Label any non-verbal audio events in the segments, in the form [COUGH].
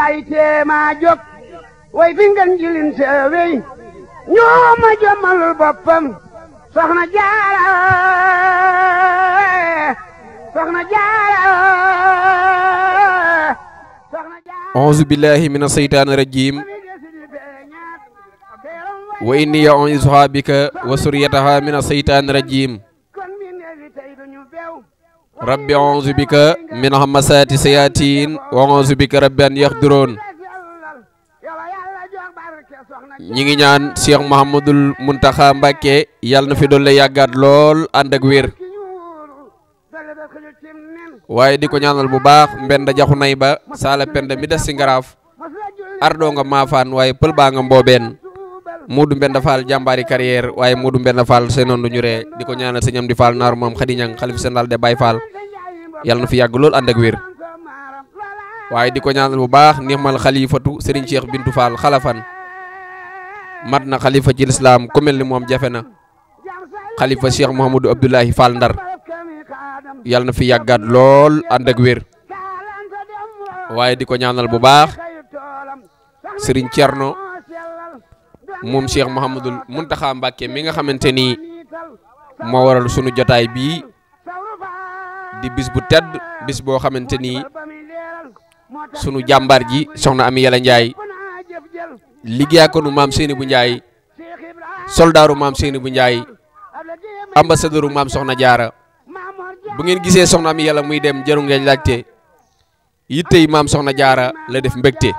lay tee maa jóg way fi ngeen jilin seewey ñoo ma jëmmalul boppam soxna jaara soxna jaara auzu billahi min aseytaani rajim wa inni ya unisuha bika wa suriyataha min aseytaani rajim rabbi a'uuzu bika min hamasaati sayaatiin wa a'uuzu bika rabbi an yaxduroon ñi ngi ñaan Cheikh Mouhamadul Mountakha Mbacké yàlla na fi doon la yàggaat lool ànd ak wér waaye di ko ñaanal bu baax mbenda jaxu nay ba saala penda mi des si ngaraaf ardoo nga maafaan waaye pël baa nga mboobeen Modou Mbenda Fall jàmbaari carrière waaye Modou Mbenda Fall seenoon du ñu ree di ko ñaanal sëñ Amdi Fall naaru maam Khady Niang de Baye Fall yàlla na fi yàgg lool ànd ak di ko ñaanal bu baax nimal xalifatu Serigne Cheikh Bintou Fall xalafan mat na xalifa ci lislaam ku mel moom jafe na xalifa Cheikh Mouhamadou Abdoulahi Fall Ndar na fi yàggaat lool ànd ak wér waaye di ko ñaanal bu baax Serigne Thierno. moom Cheikh mun taxaa Mbacke mi nga xamante ni moo waral sunu jotaay bii di bis bu tedd bis boo xamante ni sunu jàmbaar ji soxna Amy Yalla Ndiaye liggéey ko nu maam Seeni bu njaay soldaaru maam Seeni bu Ndiaye ambassadeuru maam soxna jaara bu ngeen gisee soxna Amy Yalla muy dem jëru ngeen laajte yittey maam soxna jaara la def mbégte.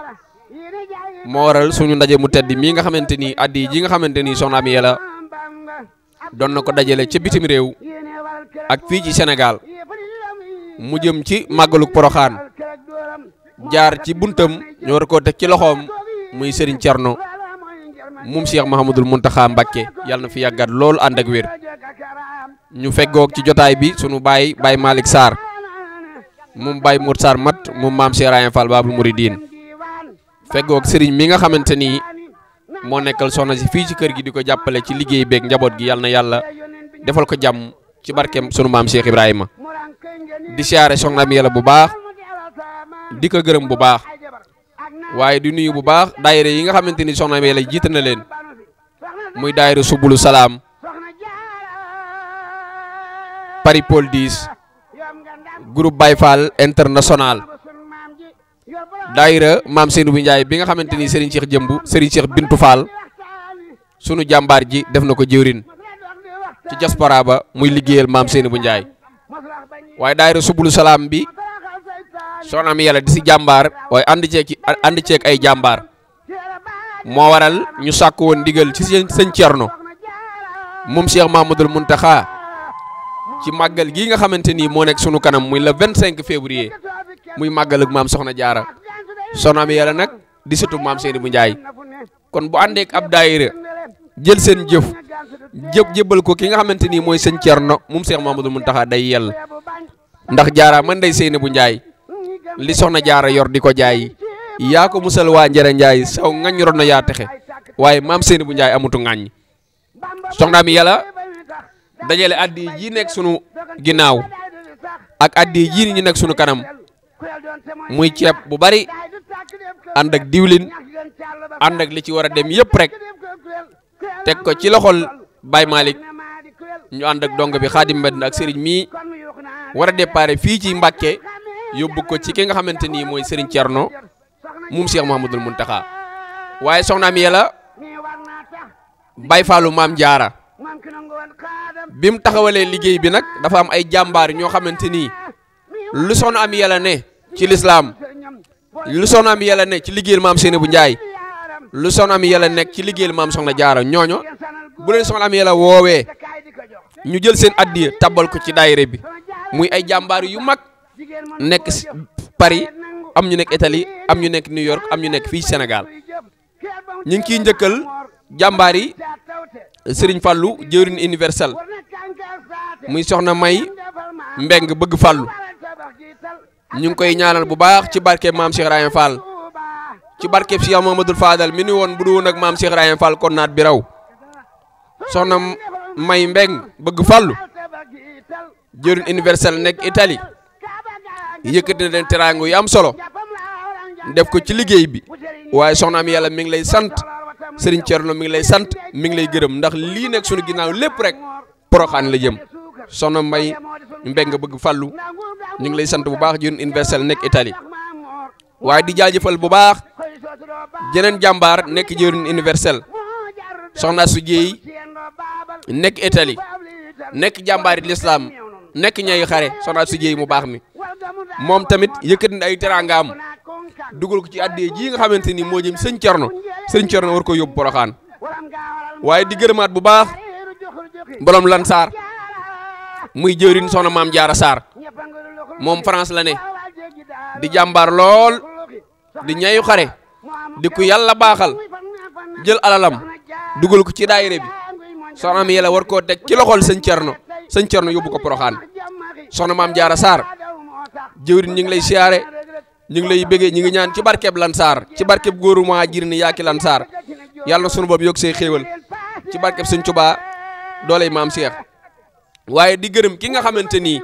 moo waral suñu ndaje mu tedd mii nga xamante ni addi ji nga xamante ni soxna Amy Yalla doon na ko dajale ca bitim réew ak fii ci senegal mu jëm ci màggaluk poroxaan jaar ci buntam ñu war koo teg ci loxoom muy Serigne Thierno moom ma Mahamadul Muntaxa Mbàkke yàlla na fi yàggat lool ànd ak wér ñu feggoog ci jotaay bi sunu baay baay Malick Sarr moom baay Mour Sarr mat moom maam Cheikh Rayen Fall Babul Mouridine feggoog sëriñ mi nga xamante ni moo nekkal soxna si fii ci kër gi di ko jàppale ci liggéey beek njaboot gi yal na yàlla defal ko jàmm ci barkeem sunu maam Cheikh Ibrahima di siyaare soxna mi yàlla bu baax di ko gërëm bu baax waaye di nuyu bu baax daayira yi nga xamante ni soxna mi yàlla jiite na leen muy daayira subulu salaam Paris Paul 10 groupe Baye Fall daayira maam bu njaay bi nga xamante ni Serigne Cheikh Jëmbu Serigne Cheikh Bintu Fall sunu jàmbaar ji def na ko jëwrin ci diaspora ba muy liggéeyal maam bu njaay waaye daayira subulu salaam bi soxna mi yàlla di si jàmbaar waaye ànd ceeg ay jàmbaar moo waral ñu sàkk woon ndigal ci seen sëñ Cerno moom Cheikh Mahmadul Muntaxa ci màggal gii nga xamante ni moo nekk sunu kanam muy le 25 février muy màggal ak maam soxna jaara soxna mi yàlla nag di sëtu maam seeni bu njaay kon bu àndeek ab daayira jël seen jëf jëf jébbal ko ki nga xamante ni mooy sëñ Cerno moom Seex Mamadou Muntaxa day yell ndax jaara man day seeni bu njaay li soxna jaara yor di ko jaay yaa ko musal waa njëre njaay saw ngañ ron na yaa texe waaye maam seeni bu njaay amutu ngañ soxna mi yàlla dajale addi ji nekk sunu ginnaaw ak addi ji ñu nekk sunu kanam muy ceeb bu bari ànd diwlin ànd li ci war a dem yëpp rek teg ko ci loxol bay Malick ñu ànd ak dong bi Xaadim Mbend ak Serigne mii war a déparé fii ci Mbàkke yóbbu ko ci ki nga xamante ni mooy Serigne Thierno moom Cheikh Mouhamadoul Mountakha waaye soxnaam yàlla bay Fallou Maam Jaara bi mu taxawalee liggéey bi nag dafa am ay jàmbaar ñoo xamante ni lu son am yàlla ne. ci lislaam lu soxna am yàlla nekk ci liggéeyal maam bu njaay lu soxna am yàlla nekk ci liggéeyal maam soxna jaara ñooño bu leen soxna am yàlla woowee ñu jël seen addiya tabbal ko ci daayira bi muy ay jàmbaar yu mag nekk Paris am ñu nekk Italie am ñu nekk New York am ñu nekk fii Sénégal ñu ngi kiy njëkkal jàmbaar yi Serigne Fallou jëwriñ universel muy soxna May Mbeng bëgg fàllu ñu ngi koy ñaanal bu baax ci barkeb maam Cheikh Ibrahima Fall ci barkeb Cheikh Mamadou Fadal mi ni woon bu du woon ak maam Cheikh Ibrahima Fall kon naat bi raw soxna May Mbeng bëgg fàllu jëriñ universel nekk itali yëkkati na leen teraangu yu am solo def ko ci liggéey bi waaye soxna mi yàlla mi ngi lay sant Serigne Thierno mi ngi lay sant mi ngi lay gërëm ndax lii nekk sunu ginnaaw lépp rek poroxaan la jëm soxna May ñu nga bëgg fàllu ñu ngi lay sant bu baax jën universel nekk Italie waaye di jaajëfal bu baax jeneen jàmbaar nekk jën universel soxna su jéey nekk Italie nekk jàmbaari lislaam nekk ñay xare soxna su jéey mu baax mi moom tamit yëkkati na ay teraangaam dugal ko ci àddee ji nga xamante ni moo jëm sëñ Cerno sëñ Cerno war ko yóbbu Poroxaan waaye di gërëmaat bu baax borom Lansar muy jëwriñ soxna maam jaara saar moom France la ne di jàmbaar lool di ñayu xare di ku yàlla baaxal jël alalam dugal ko ci daayire bi soxna mi yàlla war koo teg ci loxol sëñ Cerno sëñ yóbbu ko Poroxaan soxna maam jaara Sarr jëwriñ ñu ngi lay siyaare ñu ngi lay bëggee ñu ngi ñaan ci barkeb saar ci barkeb góoru Muhaajiriin yaaki Lansaar yàlla na sunu bopp yokk say xéewal ci barkeb sëñ Tuubaa dooley maam Cheikh waaye di gërëm ki nga xamante ni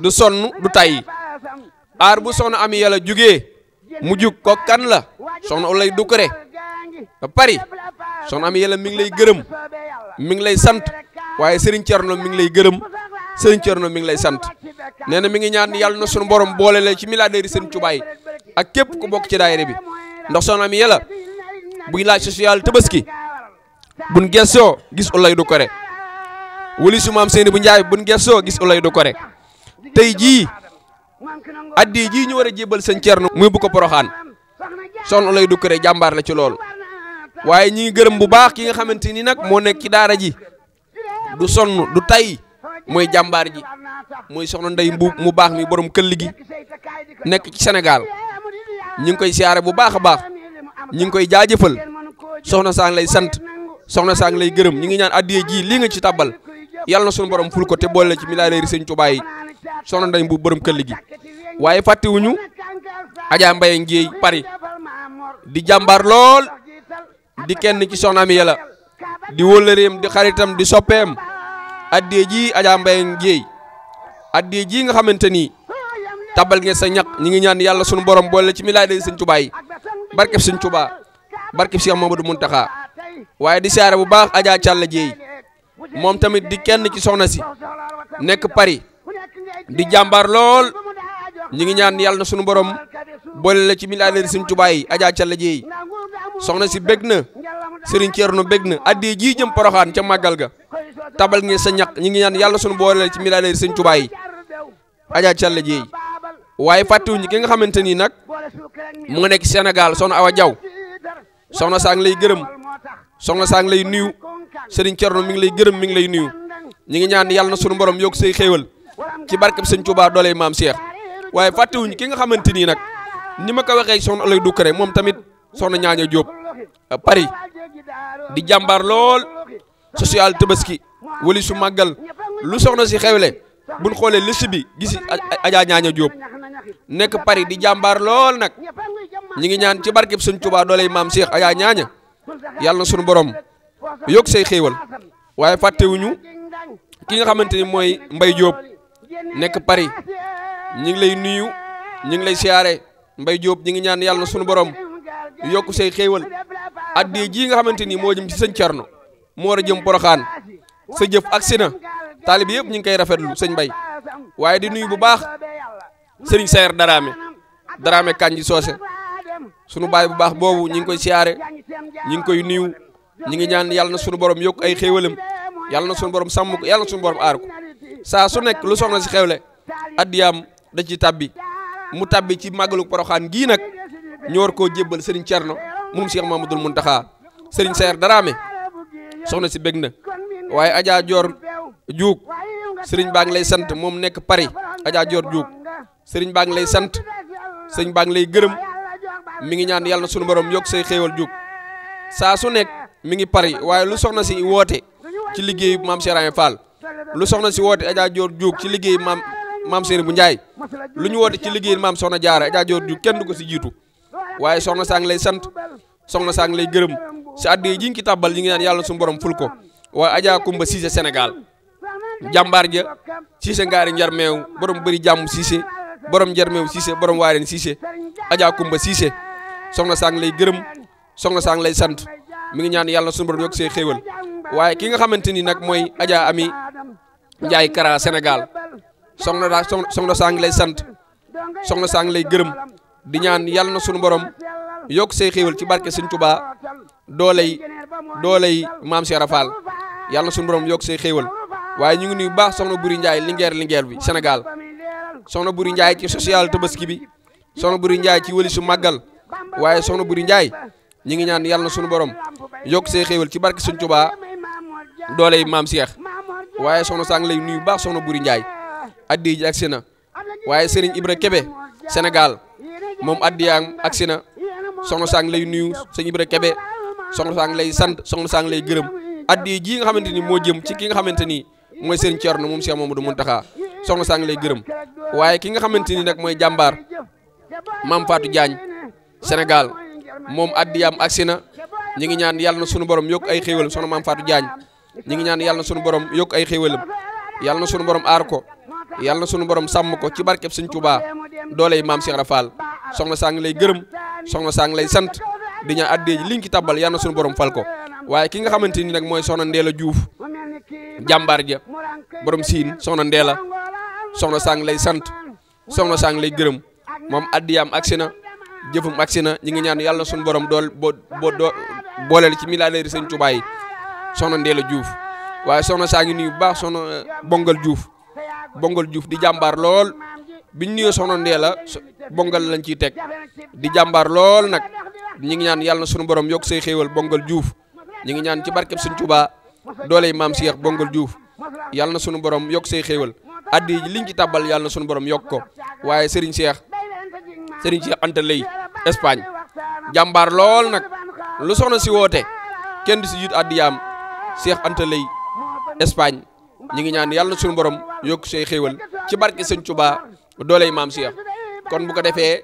du sonn du tay aar bu soxna ami yàlla jugee mu jug ko kan la soxna lay dukkure ba pari soxna ami yàlla mi ngi lay gërëm mu ngi lay sant waaye Serigne Thierno mi ngi lay gërëm Serigne Thierno mi ngi lay sant nee na mi ngi ñaan yàlla na sunu borom boole la ci milliardaire Serigne Touba yi ak képp ku bokk ci daayira bi ndax soxna ami yàlla buy laaj social tabaski buñ gëstoo gis olay dukkure wuli sumaam maam seeni bu njaay bun buñ gessoo gis ulay du kore tey jii addi jii ñu war a jébal sëñ Cerno muy bu ko poroxaan soxna ulay du kore jàmbaar la ci loolu waaye ñi gërëm bu baax ki nga xamante ni nag moo nekk ci daara ji du sonn du tay mooy jàmbaar ji mooy soxna ndey mbu mu baax mi borom këll gi nekk ci Sénégal ñi ngi koy siyaare bu baax a baax ñi ngi koy jaajëfal soxna saa lay sant soxna saa ngi lay gërëm ñi ngi ñaan addiye ji lii nga ci tàbbal yàlla na sunu borom ful ko te boole ci milliardaires yi sëñ Tuubaa yi soxna bu borom këll gi waaye fàttewuñu Adja Mbaye Ngéey Paris di jàmbaar lool di kenn ci soxnaam yàlla di wëllëreem di xaritam di soppeem addee ji Adja Mbaye Ngéey addee ji nga xamante ni tabal ngeen sa ñaq ñi ngi ñaan yàlla sunu borom boole ci milliardaires yi sëñ Tuubaa yi barkeb sëñ Tuubaa barkeb Cheikh Mamadou Muntaxa waaye di siyaare bu baax Adja Càlla Jéey moom tamit di kenn ci soxna si nekk pari di jàmbaar lool ñi ngi ñaan yàlla na sunu borom boole la ci milliardaire Sëriñ Tuubaa yi Adja la Jeey soxna si bég na Sëriñ Ceerno bég na addi ji jëm Poroxaan ca màggal ga tabal ngi sa ñaq ñi ngi ñaan yàlla sunu boole la ci milliardaire Sëriñ Tuubaa yi Adja Calla Jeey waaye fàttewuñu ki nga xamante ni nag mu nga nekk Sénégal soxna Awa Jaw soxna saa ngi lay gërëm soxna saa lay nuyu sëriñ Cerno mi ngi lay gërëm mi ngi lay nuyu ñi ngi ñaan yàlla na sunu borom yokk say xéewal ci barkeb sëñ Tuubaa dooley maam Cheikh waaye fàttewuñ ki nga xamante nii nag ni ma ko waxee soxna lay Dukkare moom tamit soxna ñaaña Jóob pari di jàmbaar lool social tabaski wali su màggal lu soxna si xewle buñ xoolee liste bi gisi ajaa ñaaña Jóob nekk Paris di jàmbaar lool nag ñi ngi ñaan ci barkeb sëñ Tuubaa dooley maam Cheikh ajaa ñaaña yàlla na sunu borom yokk say xéewal waaye fàttewuñu ki nga xamante ni mooy mbay Diop nekk pari ñu ngi lay nuyu ñu ngi lay siyaare Mbaye Diop ñu ngi ñaan yàlla na sunu borom yokk say xéewal addi ji nga xamante ni moo jëm ci sëñ moo war a jëm Porokhane sa ak si na taalib yëpp ñu ngi koy rafetlu sëñ Mbaye waaye di nuyu bu baax sëriñ Saer Darame Darame Kanji Socé. sunu baay bu baax boobu ñi ngi koy siyaare ñi ngi koy nuyu ñi ngi ñaan yàlla na sunu borom yokk ay xéewalam yàlla na sunu borom sàmm ko yàlla na sunu borom aar ko saa su nekk lu soxna si xewle addiyaam da ci tàbbi mu tabbi ci màggalu poroxaan gii nag ñu koo jébbal Serigne Thierno moom Cheikh Mamadou Mountakha Serigne Seer Daraame soxna si bég na waaye Adja Dior Diouk Serigne baa ngi lay sant moom nekk Paris Adja Dior Diouk Serigne baa lay sant Serigne baa ngi lay gërëm. mi ngi ñaan yàlla na sunu borom yokk say xéewal jóg saa su nekk mi ngi pari waaye lu soxna si woote ci liggéey maam Serigne Fall lu soxna si woote Adja Dior ci liggéey maam maam Serigne bu Ndiaye lu ñu woote ci liggéey maam soxna jaar Adja Dior jóg kenn du ko si jiitu waaye soxna saa ngi lay sant soxna saa ngi lay gërëm si àddi yi ngi ki tàbbal yi ngi ñaan yàlla na sunu borom ful ko waaye Adja Kumba Cissé senegal jàmbaar ja Cissé ngaari njar meew borom bëri jàmm Cissé borom Jarmew Cissé borom Waareen Cissé Adja Kumba Cissé soxna sang lay gërëm soxna sang lay sant mi ngi ñaan yàlla sunu borom yokk see xéewal waaye ki nga xamante ni nag mooy Adja Ami Njaay Kara senegal soxna daa soxna sang lay sant soxna sang lay gërëm di ñaan yàlla na sunu borom yokk sey xéewal ci barke Sëñ Tuubaa dooley dooley maam Cheikh Rafal yàlla na sunu borom yokk see xéewal waaye ñu ngi nuyu baax soxna Buri Njaay lingeer lingeer bi Sénégal soxna Buri Njaay ci social tabaski bi soxna Buri Njaay ci wëli su màggal waaye soxna Buri Njaay ñi ngi ñaan yàlla na sunu borom yokk see xéewal ci barke Sëñ Tuubaa doole yi maam Cheikh waaye soxna saa ngi lay nuyu baax soxna Buri Njaay addi ji agsi na waaye sëriñ Ibra Kebe senegal moom addiyaam agsi na soxna saa ngi lay nuyu sëñ Ibra Kebe soxna saa ngi lay sant soxna saa ngi lay gërëm addi ji nga xamante ni moo jëm ci ki nga xamante ni mooy Serigne Thierno moom Cheikh Mamadou Mountakha soxna saa ngi lay gërëm waaye ki nga xamante ni nag mooy jàmbaar maam Fatou Diagne Sénégal moom addiyaam agsi na ñi ngi ñaan yàlla na sunu borom yokk ay xéewalam soxna maam Fatou Diagne ñi ngi ñaan yàlla na sunu borom yokk ay xéewalam yàlla na sunu borom aar ko yàlla na sunu borom sàmm ko ci barkeb Sëñ Tuubaa doole yi maam si Rafal soxna saa ngi lay gërëm soxna saa ngi lay sant di ñaan addee ji liñ ci tabbal yàlla na sunu borom fal ko waaye ki nga xamante ni nag mooy soxna Ndéla Diouf jàmbaar ja borom siin soxna Ndéla soxna saa lay sant sono saa lay gërëm moom addiyaam agsi na jëfum agsi na ñi ngi ñaan yàlla na suñu borom dool boo boo booleel ci milaaneeri sëñ Tuubaa yi soxna juuf waaye soxna saa ngi nuyu bu baax sono eh, Bongal juuf Bongal Diouf di jàmbaar lool biñ nuyoo soxna Bongal lañ ciy teg di jàmbaar lool nag ñi ngi ñaan yàlla na suñu borom yokk say xéewal Bongal juuf ñi ngi ñaan ci barkeb sëñ Tuubaa dooley maam si Cheikh Bongal juuf yàlla na sunu borom yokk say xéewal addi liñ ci tàbbal yàlla na suñu borom yokk ko waaye sëriñ Cheikh sëriñ Cheikh Anta Lay Espagne jàmbaar lool nag lu soxna si woote kenn di si jiit addiyaam Cheikh Anta Lay Espagne ñi ngi ñaan yàlla na suñu borom yokk say xéewal ci barke Sëñ Tuubaa dooley maam Cheikh kon bu ko defee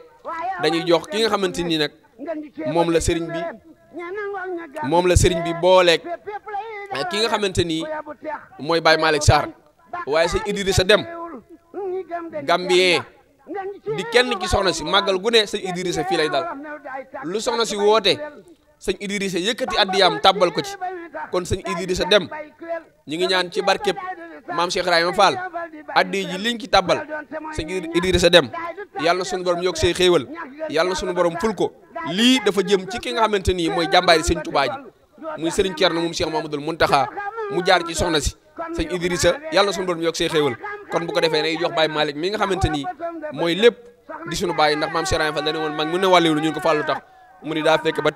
dañuy jox ki nga xamante ni nag moom la sëriñ bi moom la sëriñ bi booleeg ki nga xamante ni mooy Baye Malick saar waaye sëñ sa dem Gambie di kenn ci soxna si màggal gu ne sëñ Idrissa fii lay dal lu soxna si woote sëñ Idrissa yëkkati addiyaam tàbbal ko ci kon sëñ Idrissa dem ñu ngi ñaan ci barkeb maam Cheikh Ibrahima Fall addi ji liñ ci tàbbal sëñ sa dem yàlla na sunu borom yokk say xéewal yàlla na sunu borom ful ko lii dafa jëm ci ki nga xamante ni mooy jàmbaari sëñ Tuubaa ji muy sëriñ Cerno moom Cheikh Mamadul Muntaxa mu jaar ci soxna si sëñ sa yàlla sunu borom yokk see xéewal kon bu ko defee nay jox Baye Malick mi nga xamante ni mooy lépp di sunu bàyyi ndax maam Serigne Fall dane woon mag mu ne wàllu ñun ko fàllu tax mu ni daa fekk ba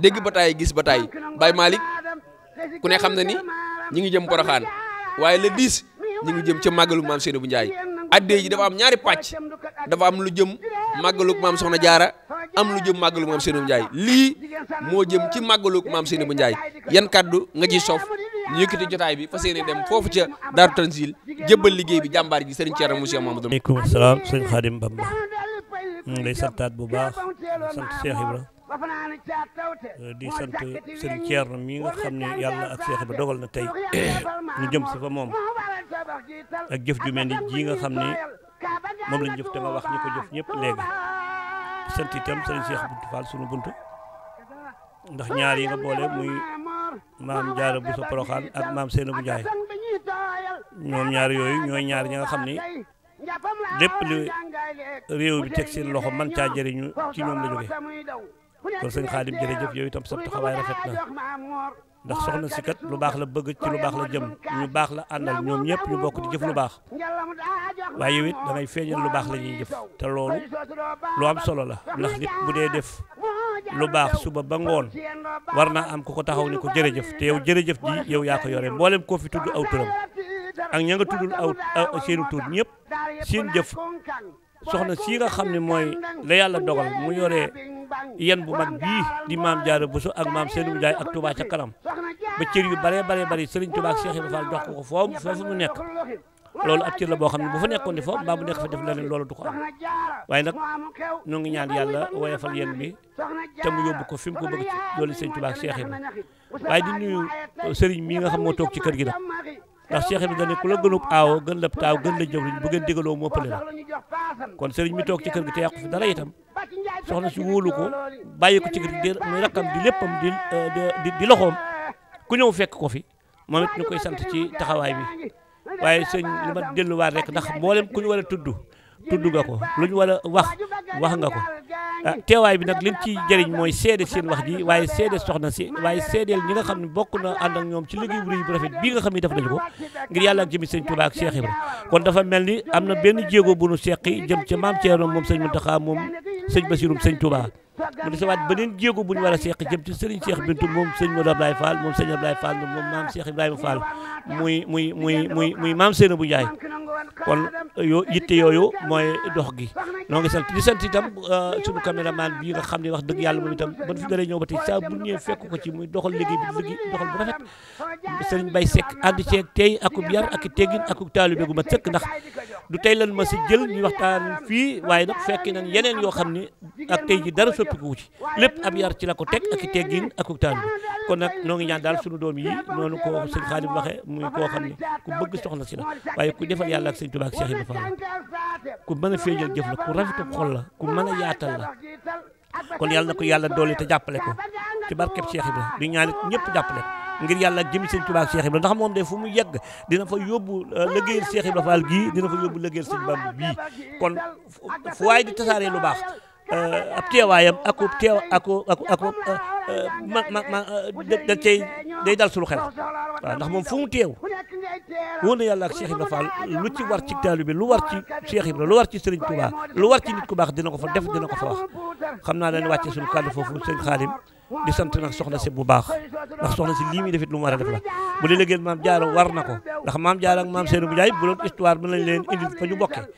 dégg ba tey gis ba tey Baye Malick ku ne xam na ni ñi ngi jëm Porokhane waaye le 10 ñi ngi jëm ca màggalu maam Seynabou Ndiaye addee ji dafa am ñaari pàcc dafa am lu jëm màggalu maam Soxna Jaara am lu jëm màggalu maam Seynabou Ndiaye lii moo jëm ci màggalu maam Seynabou Ndiaye yan kàddu nga ciy sof ñu yëkkati jotaay bi fas yéene dem foofu ca Daaru Tanzil jébbal liggéey bi jàmbaar ji Serigne ceer Moussa Mamadou. maaleykum salaam sëñ Khadim Bamba ñu lay santaat bu baax sant Cheikh Ibra euh, di sant sëñ Thierno mi nga xam ne yàlla ak Cheikh ba dogal na tey [COUGHS] ñu jëm si fa moom ak jëf ju mel ni ji nga xam ne moom lañ jëf te ma wax ñi ko jëf ñëpp léegi sant itam sëñ Cheikh Buntu Fall sunu buntu ndax ñaar nga boole muy. maam Jaara Buso Poroxaan ak maam Seynabou Ndiaye ñoom ñaar yooyu ñooy ñaar ñi nga xam ni lépp li réew bi teg seen loxo man caa jëriñu ci ñoom la jógee kon sëñ Xaadim jërëjëf yooyu itam sab taxawaay rafet na ndax soxna si kat lu baax la bëgg ci lu baax la jëm ñu baax la àndal ñoom ñëpp ñu bokk di jëf lu baax waaye yow it da ngay feeñal lu baax la ñuy jëf te loolu lu am solo la ndax nit bu dee def lu baax suba ba ngoon war na am ku ko taxaw ni ko jëf te yow jërëjëf ji yow yaa ko yore mboolem koo fi tudd aw turam ak ña nga tuddul aw seenu tur ñëpp seen jëf soxna si nga xam ni mooy la yàlla dogal mu yore. yéen bu mag bii di maam jaar Bousso ak maam bu jaay ak Touba ca kanam ba cër yu bare bare bari Serigne Touba ak Cheikh ba Fall jox ko ko foofu foofu mu nekk loolu ak cër la boo xam ne bu fa nekkoon di foofu mbaa bu nekk fa def leneen loolu du ko am waaye nag ñoo ngi ñaan yàlla woyafal yéen bi te mu yóbbu ko fi ko bëgg ci loolu Serigne Touba ak Cheikh Ibra waaye di nga xam moo toog ci kër gi nag ndax Cheikh Ibra dane ku la gënub aawo gën la taaw gën la jëwriñ bu gën digaloo moo ëppale la kon Serigne mi toog ci kër gi te fi dara itam soxna si wóolu ko bàyyi ko ci di muy rakkam di léppam di di di loxoom ku ñëw fekk ko fi moo it ñu koy sant ci taxawaay bi waaye sëñ li ma delluwaat rek ndax mboolem ku ñu war a tudd tudd nga ko lu ñu war wax wax nga ko Ah, teewaay bi nag liñ ci jëriñ mooy seede seen wax ji waaye seede soxna si waaye seedeel ñi nga xam ne bokk na ànd ak ñoom ci liggéey bu rëy bu rafet bii nga xam ne def nañu ko ngir yàlla ak jëmi sëñ Touba ak Cheikh Ibra kon dafa mel ni am na benn jéego bu nu seqi jëm ca maam Thierno moom sëñ Mountakha moom sëñ Bassirou sëñ Touba mu desewaat beneen jéego bu ñu war a seq jëm ci sëriñ Cheikh Bintou moom sëñ Modou Abdoulaye Fall moom sëñ Abdoulaye Fall moom maam Cheikh Ibrahima Fall muy muy muy muy muy maam Seynabou Ndiaye kon euh, yoo yitte yooyu mooy dox gi noo ngi sant di sant itam euh, sunu caméraman bii nga xam ne wax dëgg yàlla moom itam ban fi dalee ñëw ba tey saa bu ñëwee fekk ko ci muy doxal liggéey bi liggéey doxal bu rafet sëriñ Bay Seck ànd ceeg tey akub yar ak teggin akub taalibe tey lan ma si jël ñu waxtaan fii waaye nag fekki nañ yeneen yoo xam ne ak tey ji dara soppikuwu ci lépp ab yar ci la ko teg ak teggin akub taalibe kon nag noo ngi ñaan daal sunu doom yi noonu ko sëñ Xaadim waxe muy koo xam ne ku bëgg soxna si la waaye ku defal yàlla ak sëñ Tuubaa ak Cheikh Ibra Fall ku mën a feeñal jëf la ku rafetu xol la ku mën a yaatal la kon yàlla na ko yàlla doole te jàppale ko ci barkeb Cheikh Ibra di ñaan ñëpp jàppale ko ngir yàlla jëmi sëñ Tuubaa ak Cheikh Ibra ndax moom de fu mu yegg dina fa yóbbu euh, liggéeyal Cheikh Ibra Fall gii dina fa yóbbu liggéeyal sëñ Bamba bii kon fu waay di tasaaree lu baax Eh, ab teewaayam aku teew aku aku aku eh, ma ma ma eh, da cay day dal suñu xel ndax moom fu mu teew wóor na yàlla ak Cheikh Ibra Fall lu ci war ci taalibe bi lu war ci Cheikh yi lu war ci Serigne Touba lu war ci nit ku baax dina ko fa def dina ko fo wax xam naa dañu wàcce suñu kàddu foofu sëñ Xaadim di sant nag soxna si bu baax ndax soxna si lii muy defit lu mu war a def la bu dee liggéeyal maam Jaara war na ko ndax maam Jaara ak maam seen bu jaay bu doon histoire mën nañ leen indil fo ñu bokkee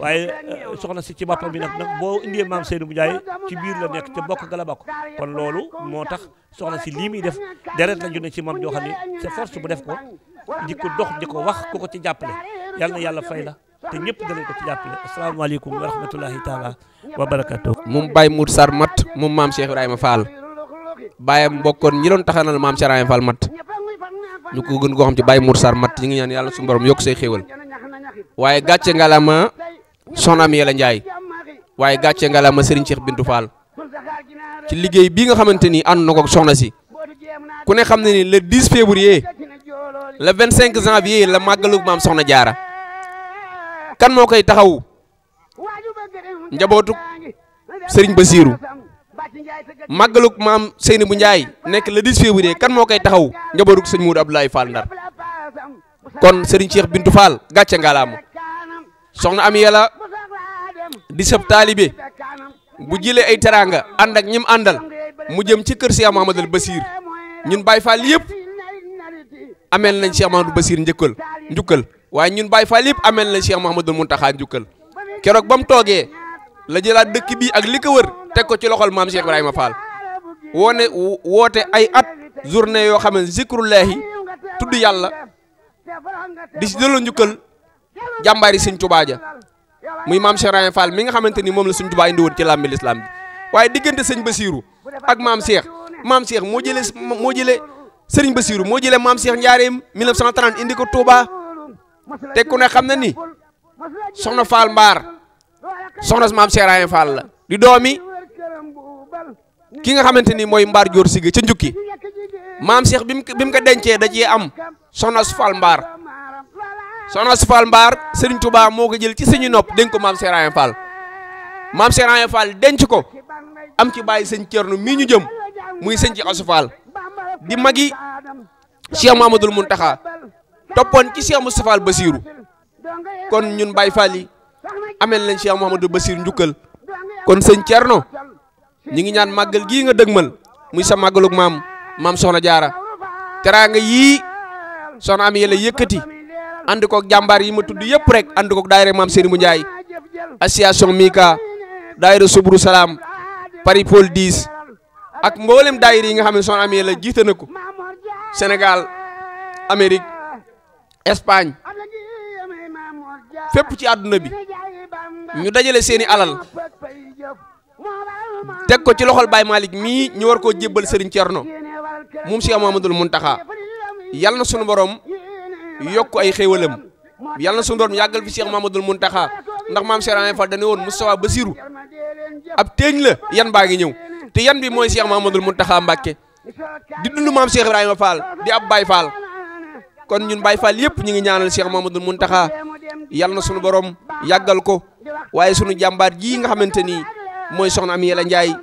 waaye eh, soxna si ci boppam bi nag nag boo indee maam Seydou bu jaay ci biir la nekk ci bokk gala bokk kon loolu moo tax soxna si lii muy def deret la junne ci moom joo xam ne sa force bu def ko di ko dox di ko wax ku ko ci jàppale yàlla yàlla fay la te ñëpp danañ ko ci jàppale asalaamaaleykum wa rahmatulahi taala wa barakatuh moom Baye Mour Sarr Mat moom maam Cheikh Ibrahima Fall bàyyam mbokkoon ñi doon taxanal maam Cheikh Ibrahima Fall Mat ñu ko gën koo xam ci Baye Mour Sarr Mat ñi ngi ñaan yàlla suñu borom yokk say xéewal waaye gàcce ngalama soxnaam Yàlla Njaay waaye gàcce nga la ma Serigne Cheikh Bintou Fall ci liggéey bii nga xamante ni ànd na ko soxna si ku ne xam ne ni le 10 février le 25 janvier la màggalu maam na jaara kan moo koy taxaw njabootu Serigne Basiiru màggalu maam Seyni bu Njaay nekk le 10 février kan moo koy taxaw njabootu sëñ Moudou Abdoulaye Fall Ndar kon Serigne Cheikh Bintou Fall gàcce nga la ma soxna am Yàlla di sab taalibe bu jëlee ay teraanga ànd ak ñim àndal mu jëm ci kër Cheikh Mahamadul Basir ñun Baye Fall yëpp ameel nañ Cheikh Mahamadul Basir njëkkal njukkal waaye ñun Baye Fall yëpp ameel nañ Cheikh Mahamadul Muntaxa njukkal keroog ba mu toogee la jëlaat dëkk bii ak li ko wër teg ko ci loxol maam Cheikh Ibrahima Fall woone woote ay at journée yoo xam ne zikrullahi tudd yàlla di si delloo njukkal jàmbaari Sëñ Tuubaa muy maam Cheikh Ibrahima Fall mi nga xamante ni moom la suñ Tuubaa indi woon ci làmbi lislaam bi waaye diggante sëñ Basiiru ak maam Cheikh maam Cheikh moo jëlee moo jëlee sëriñ Basiiru moo jëlee maam Cheikh Njaareem 1930 indi ko Touba te ku ne xam na ni soxna Fall Mbaar soxna maam Cheikh Ibrahima la di doomi ki nga xamante ni mooy Mbaar Joor Siga ca njukki maam Cheikh bi mu ko dencee da ciy am soxna Fall Mbaar. soxna si Fall Mbaar Serigne Touba moo ko jël ci suñu nopp dénk ko maam Serigne Fall maam Serigne Fall denc ko am ci bàyyi sëñ Thierno mii ñu jëm muy sëñ ci Asu Fall di magi Cheikh Mamadou Mountakha toppoon ci Cheikh Moustapha Fall Basirou kon ñun Baye Fall yi amel nañ Cheikh Mouhamadou Basirou njukkal kon sëñ Thierno ñi ngi ñaan màggal gii nga dëgmal muy sa màggalug maam maam Soxna Jaara teraanga yii soxna am yàlla yëkkati. ànd koog jàmbaar yi ma tudd yëpp rek ànd koog daayira maam Serigne bu Ndiaye association Mika daayira Suburu Salaam Paris Paul 10 ak mboolem daayira yi nga xam ne son amee la jiite na ko Sénégal Amérique Espagne fépp ci àdduna bi ñu dajale seeni alal teg ko ci loxol Baye Malick mii ñu war koo jébbal Serigne Thierno moom Cheikh Mamadou Mountakha yal na sunu borom. yokk ay xéewalam yàlla na suñu borom yàggal fi Cheikh Mamadou taxa ndax maam Cheikh Ibra Fall dañu woon Moustapha Bassirou ab teeñ la yan baa ngi ñëw te yan bii mooy Cheikh Mamadou Mountakha Mbacké di dund maam Cheikh Ibrahima Fall di ab Baye Fall kon ñun baay Fall yëpp ñu ngi ñaanal Cheikh Mamadou Mountakha yàlla na suñu borom yàggal ko waaye sunu jàmbaar jii nga xamante ni mooy soxna Amy Yalla Ndiaye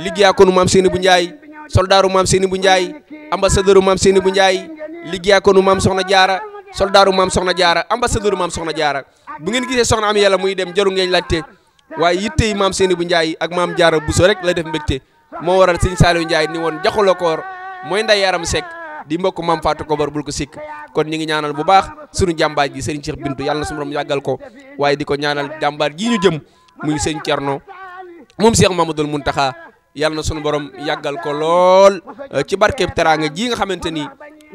liggéeyaa ko nu maam Seeni bu Ndiaye soldaaru maam Seeni bu Ndiaye ambassadeur maam Seeni bu Ndiaye liggéeyaa ko nu maam soxna jaara soldaaru maam soxna jaara ambassadeur maam soxna jaara bu ngeen gisee soxna am yàlla muy dem jaru ngeen laajte waaye yitte yi maam seeni bu njaay ak maam jaara buso rek la def mbégte moo waral sëñ Saliou njaay ni woon jaxuloo koor mooy nday yaram sek di mbokk maam Fatou Kobar bul ko sikk kon ñu ngi ñaanal bu baax suñu jàmbaar ji sëriñ Cheikh Bintu yàlla na su borom yàggal ko waaye di ko ñaanal jàmbaar ji ñu jëm muy sëñ Cerno moom Cheikh Mamadou Mountakha yàlla na suñu borom yàggal ko lool ci barkeeb teraanga ji nga xamante ni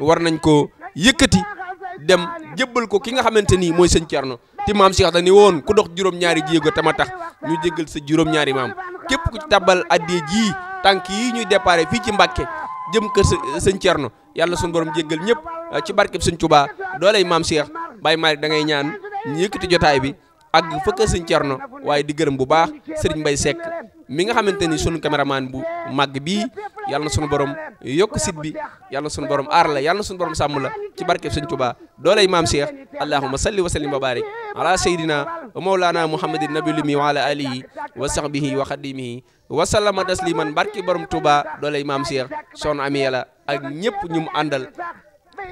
war nañ ko yëkkati dem jébbal ko ki nga xamante nii mooy sëñ Cerno te maam Cheikh dañu woon ku dox juróom-ñaari jéego tama tax ñu jéggal sa juróom-ñaari maam képp ku ci tabal addee jii tànk yi ñuy déparé fii ci Mbàkke jëm kër sëñ Cerno yàlla suñu borom jéggal ñëpp uh, ci barkeb sëñ Tuubaa doolay maam Cheikh Baye Malick da ngay ñaan ñu yëkkati jotaay bi ak fëkk sëñ Cerno waaye di gërëm bu baax sëriñ Mbay Sekk mi nga xamante ni sunu caméraman bu màgg bii yàlla na sunu borom yokk sit bi yàlla na sunu borom aar la yàlla na sunu borom sàmm la ci barkeb sëñ Tuubaa doolay maam Cheikh allahumma salli wa sallim wa barik ala sayyidina wa mawlana muhammadin nabiyyi wa ala alihi wa sahbihi wa xadimihi wa sallama tasliman barki borom Tuubaa doolay maam Cheikh soon amee la ak ñëpp ñu mu àndal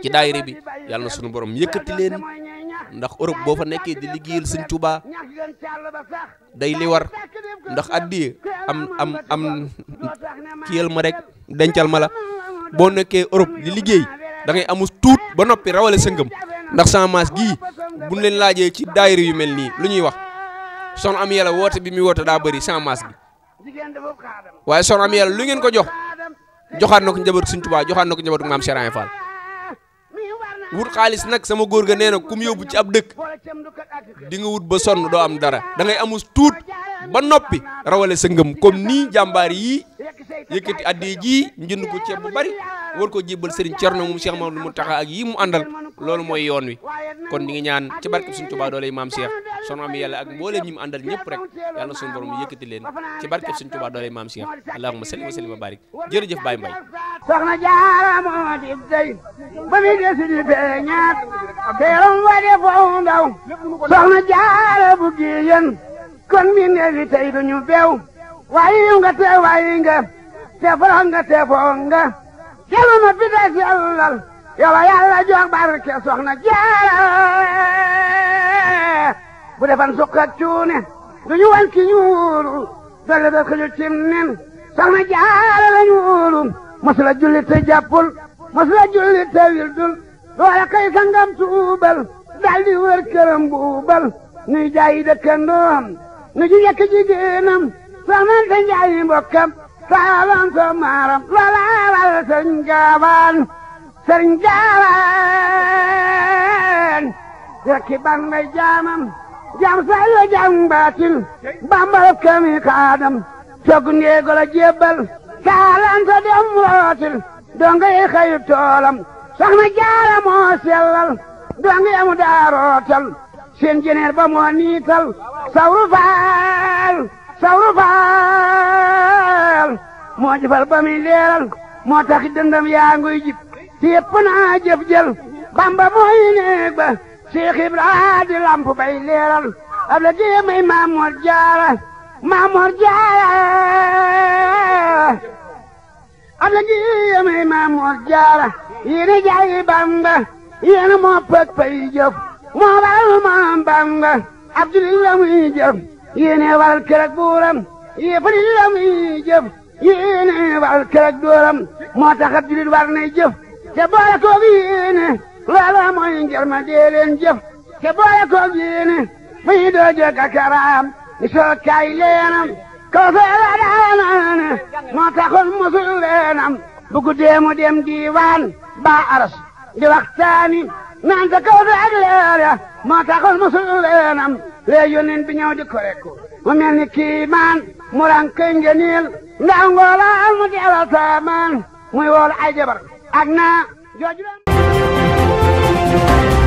ci daayira bi yàlla na sunu borom yëkkati leen ndax Europe boo fa nekkee di liggéeyal sëñ Tuubaa day li war ndax addi am am am kiyal ma rek dencal ma la boo nekkee Europe di liggéey da ngay amus tuut ba noppi rawale sëngëm ndax samaas gii buñ leen laajee ci daayira yu mel nii lu ñuy wax son am yàlla woote bi mu woote daa bëri samaas gi waaye soxna am yàlla lu ngeen ko jox joxaat na ko njabootu sëñ Tuubaa joxaat na ko njabootu maam Serigne Fall wut kaalis nag sama góor ga nee na ku mu yóbbu ci ab dëkk di nga wut ba sonn doo am dara da ngay amus tuut ba noppi rawale sa kom comme nii jàmbaar yii yëkkati addi jii njënd ko ceeb bu bari war ko jébbal Serigne Thierno moom Cheikh mu Mountakha ak yii mu àndal loolu mooy yoon wi kon ñu ngi ñaan ci barkeb suñ tubaa doole yi maam Cheikh soxna am yàlla ak mbooleem ñi mu àndal ñëpp rek yàlla na suñu borom yëkkati leen ci barkeb suñ tubaa doole yi maam Cheikh allahumma salli wa sallim wa barik jërëjëf Baye Mbaye soxna jaara moo di day ba muy desi di feeñaat teeram wade foofu ndaw soxna jaara bu gi yéen kon mi neefi tey duñu beew waaye nga te waaye nga te nga te foo nga jëlu ma fi des yow yàlla jox barke soxna jaara bu defan suq cuune du ñu wan ki ñuulu dogle doot ko cim nen soxna jaara la ñuulu mosula julli te jàppul mosula julli te wildul loola kay sangam tuubal daal wër këram buubal nuy jaayi dëkkandoom nu ji yekk jigéenam soxnante njaayi mbokkam saalam so maaram loola wal sëñ gaabaan sëriñ gaawaan rekki ban may jaamam jaam say la jaam baatin bambara kami xaadam sog ndeego la jébbal saalanta dem rootil donga yi xayu toolam soxna jaara moo sellal donga yamu daa rootal seen ba moo niital sawru faal sawru faal moo jëfal ba muy leeral moo tax dëndam yaa nguy jib ci yëpp naa jëf jël bamba mooy néeg ba Cheikh Ibra di lamp bay leeral ab la jéemay Maamoor Jaara Maamoor Jaara ab la jéemay Maamoor Jaara yéena jaayi bamba yéena moo pëg pay jëf moo waral moom bamba abdulil la muy jëf yéena waral kërag buuram yéefalil la muy jëf yéena waral kërag dóoram moo tax abdulil war nay jëf te boole koog yéene loola mooy ngir ma dee jëf te boole koog yéene fu ñu doo jóg ak karaam soo kaay leenam kaw soo la daanaane moo taxoon musul leenam bu guddee mu dem diiwaan baa aras di waxtaani naan sa kaw soo ak leera moo taxoon musul di ko rekku mu mel ni kiimaan mu rànkay ngeniil ndax ngoolaal mu deewal saamaan muy wool ay jabar ak naa jooju